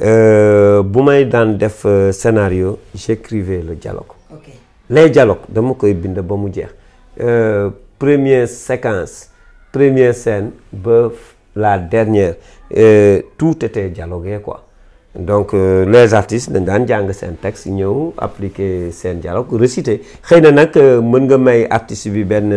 Euh, bu may daan def euh, scénario j'écrivais le dialogue okay. les dialogues dama koy bind ba mu jeex euh, première séquence première scène ba la dernière euh, tout était dialogué quoi donc euh, les artistes dañ daan jàng seen texte ñëw appliquer seen dialogue réciter xëy na nag mën nga may artiste bi benn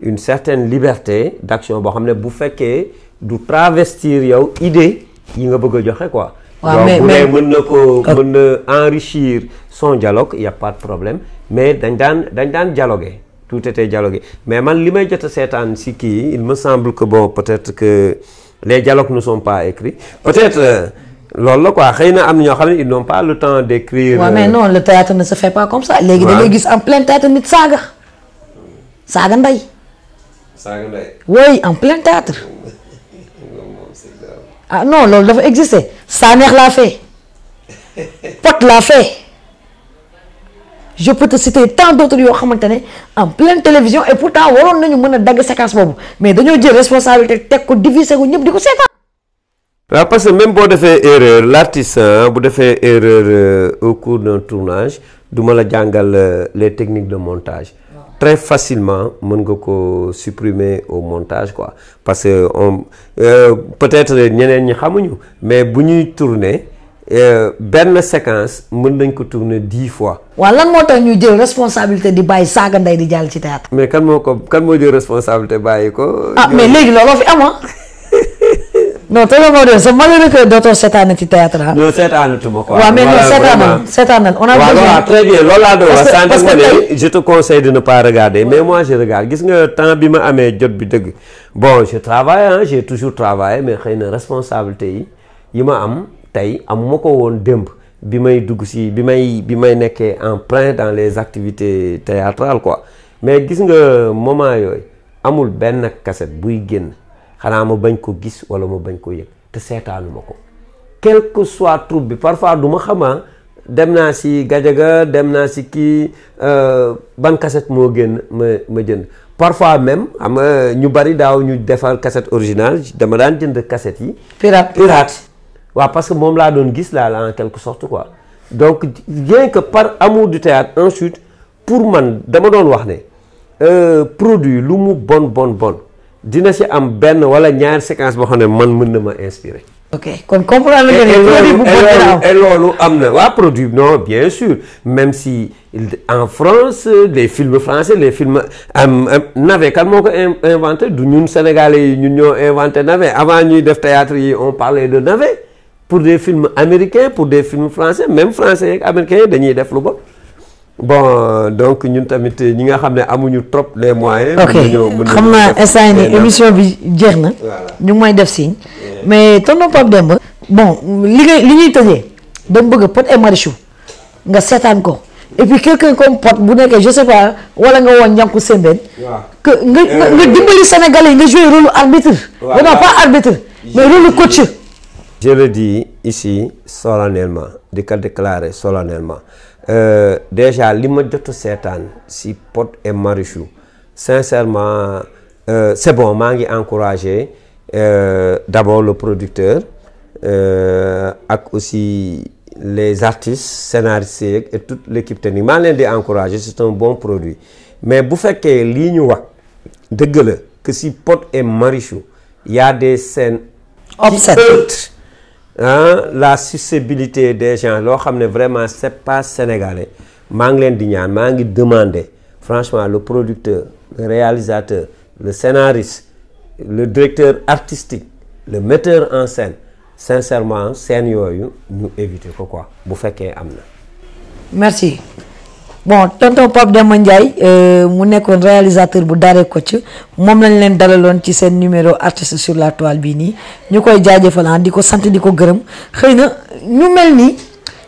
une certaine liberté d'action boo xam ne bu fekkee du travestir yow idée yi nga bëgg a joxe quoi waaw mais bu dee mën na ko oh. mën na enrichir son dialogue y' a pas de problème mais dañ daan dañ daan dialogué tout était dialogué mais man li may jot a seetaan si kii il me semble que bon peut-être que les dialogues ne sont pas écrits peut-être. Euh, loolu la quoi xëy na am na ñoo xam ne ils n'ont pas le temps d'écrire. waaw mais euh, non le théâtre ne se fait pas comme ça. léegi da ngay gis en plein théâtre nit saaga. saaga ndey. saaga ndey. oui en ah non loolu dafa exister. Sanex l'a fait Pod l'a fait je peux te citer tant d'autres yoo xamante ne en pleine télévision et pourtant waroon nañu mën a dagg séquence boobu mais dañoo jël responsabilité teg ko diviser ko ñëpp di ko seetaan. waaw parce que même boo defee erreur l'artiste bu defee erreur euh, au cours d'un tournage du ma la jàngal euh, les techniques de montage. très facilement mën nga ko supprimer au montage quoi parce que on euh, peut-être ñeneen ñi xamuñu mais bu ñuy tourner euh, benn séquence mën nañ ko tourner dix fois. waaw lan moo tax ñu jël responsabilité di bàyyi saaga ndey di jàll ci théâtre mais kan moo ko kan moo jël responsabilité bàyyi ko. ah mais léegi looloo fi am ah. non te loolu moo doon c'est malheureux que dootoo seetaanati théâtre ah. non seetaanatuma quoi. waaw mais non seetaanal seetaanal on a. besoin très bien loolu laa doon de ne pas moi je gis nga temps bi ma amee jot bi dëgg bon je travaille ah j'ai toujours travaillé mais xëy na responsabilité yi ma am tey am ma ko woon démb bi may dugg si bi may bi may nekkee en plein dans les activités théâtrales quoi mais gis nga moment yooyu amul benn cassette buy génn. xanaa ma bañ ko gis wala ma bañ ko yëg te seetaanuma ko quelque soit troupe bi parfois du ma xamaa ah, dem naa si Gajaga dem naa si kii euh, ban cassette moo génn ma ma jënd parfois même am nga ñu bari daaw ñu defar cassette originale dama daan jënd cassette yi. pirate pirate. waa parce que moom laa doon gis laa la en quelque sorte quoi donc rien que par amour du théâtre ensuite pour man dama doon wax ne euh, produit lu mu bon bon bon. dina si am benn wala ñaari séquence boo xam ne man mën na ma inspiré. ok kon comprendre loolu am na waa produit non bien sûr même si en France les films français les films am navet kan moo ko inventé du ñun sénégalais yi ñun ñoo inventé navet avant ñuy def théâtre yi on parlait de navet pour de films américains pour des films français même français ak américains dañuy def lu bon. bon donc ñun tamit ñi nga xam ne amuñu trop les moyens. ok xam naa instant ni émission bi jeex na. ñu ngi may def signe. mais tonton Pape Demba. bon li ngay li ñuy tëjee dama bëgg Pod et nga setaan ko et puis quelqu'un comme Pod bu nekkee je sais pas wala nga woon ñàkku sembeen que nga eh, nga dimbali Sénégalais yi nga joué rôle arbitre. waaw vraiment pas arbitre mais rôle coach. je le dis ici solennellement di ko déclarer solennellement. Euh, déjà li ma jotu seetaan si pot et Marichou sincèrement euh, c'est bon maa ngi encouragé euh, d'abord le producteur ak aussi les artistes scénaristes yeeg et toute l'équipe technique maa leen di encouragé c'est un bon produit mais bu fekkee lii ñu wax dëgg la que si Pod et Marichou y a des scènes. obscènes ah la susceptibilité des gens loo xam ne vraiment c'est pas sénégalais maa ngi leen di ñaan maa ngi demande franchement le producteur le réalisateur le scénariste le directeur artistique le metteur en scène sincèrement seen yooyu ñu éviter ko quoi bu fekkee am na. merci. bon tonton Pape Demba Ndiaye euh, mu nekkoon réalisateur bu Daaray Kocc moom lañu leen dalaloon ci seen numéro artiste sur la toile bii nii ñu koy jaajëfalaan ah, di ko sant di ko gërëm xëy na ñu mel nii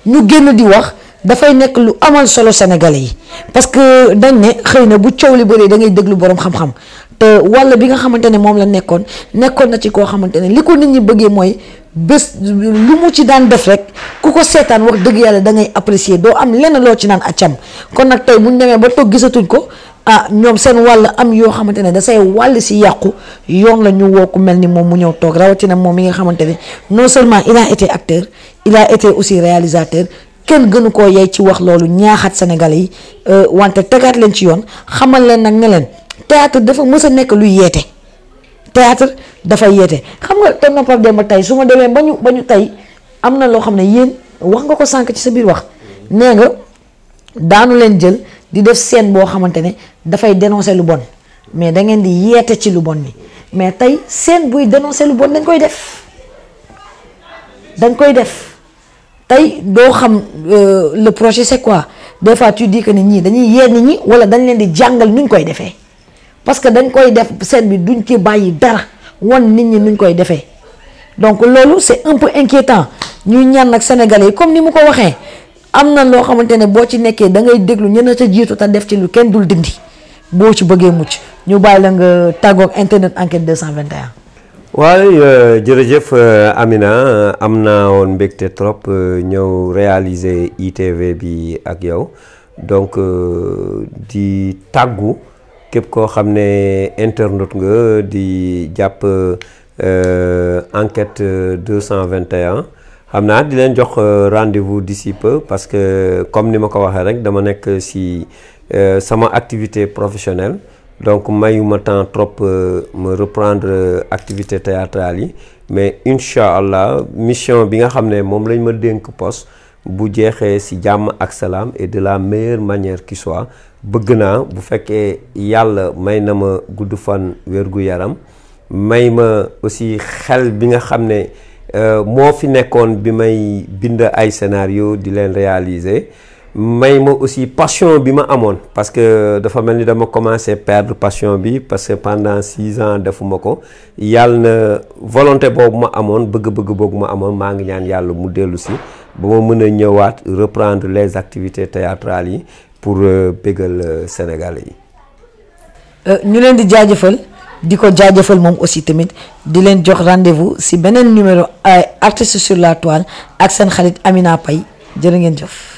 ñu génn di wax dafay nekk lu amal solo sénégalais yi parce que dañ ne xëy na bu coow li baree da ngay déglu borom xam-xam te walla bi nga xamante ne moom la nekkoon nekkoon na ci koo xamante ne li ko nit ñi bëggee mooy bés lu mu ci daan def rek ku ko seetaan wax dëgg yàlla da ngay apprécier doo am lenn loo ci naan accam kon nag tey bu ñu demee ba toog gisatuñ ko ah ñoom seen wàll am yoo xamante ne da wàll si yàqu yoon la ñu woo ku mel ni moom mu ñëw toog rawatina moom mi nga xamante ne non seulement il a acteur il a aussi réalisateur. kenn gënu koo yey ci wax loolu ñaaxaat senegal yi euh, wante tegaat leen ci yoon xamal leen nag ne leen théâtre dafa mës a nekk lu yeete théâtre dafa yeete xam nga ton noppal dem ba tey su ma demee ba ñu ba tey am na loo xam ne yéen wax nga ko sànq ci sa biir wax nee nga daanu leen jël di def scène boo xamante ne dafay dénoncer lu bon mais da ngeen di yeete ci lu bon ni mais tey seen buy dénoncer lu bon dañ koy def dañ koy def. tey doo xam euh, le projet c'est quoi des fois tu dis que nit ñii dañuy yee nit ñi wala dañ leen di jàngal nuñ koy defee parce que dañ koy def seen bi duñ ci bàyyi dara wan nit ñi nuñ koy defee donc loolu c'est un peu inquiétant ñu ñan nag sénégal yi comme ni mu ko waxee am na loo xamante ne boo ci nekkee da ngay déglu ñenn ca jiitu te def ci lu kenn dul dindi boo ci bëggee mucc ñu bàyyi la nga tàggoog internet enquête 221. waaye euh, jërëjëf euh, Amina am naa woon mbégte trop euh, ñëw réaliser ITV bi ak yow donc di tàggu képp koo xam ne internet nga di jàpp enquête 221 xam naa di leen jox rendez-vous d'ici peu parce que comme ni ma ko waxee rek dama nekk ci sama activité professionnel donc mayuma temps trop euh, ma reprendre euh, activité théâtrale yi mais incha allah mission bi nga xam ne moom lañ ma dénk poste bu jeexee si jàmm ak salaam et de la meilleure manière qui soit bëgg naa bu fekkee yàlla may na ma gudd fan wér-gu-yaram may ma aussi xel bi nga xam ne euh, moo fi nekkoon bi may bind ay scénario di leen réaliser may ma aussi passion bi ma amoon parce que dafa mel ni dama commencé perdre passion bi parce que pendant six ans defuma ko yàlla na volonté boobu ma amoon bëgg-bëgg boobu ma amoon maa ngi ñaan yàlla mu dellu si ba ma mën a ñëwaat reprendre les activités théâtrales yi pour euh, bégal euh, Sénégalais yi. Euh, ñu leen di jaajëfal di ko jaajëfal moom aussi tamit di leen jox rendez-vous si beneen numéro ay artistes sur la toile ak seen xarit Amina Paye jërë ngeen jëf.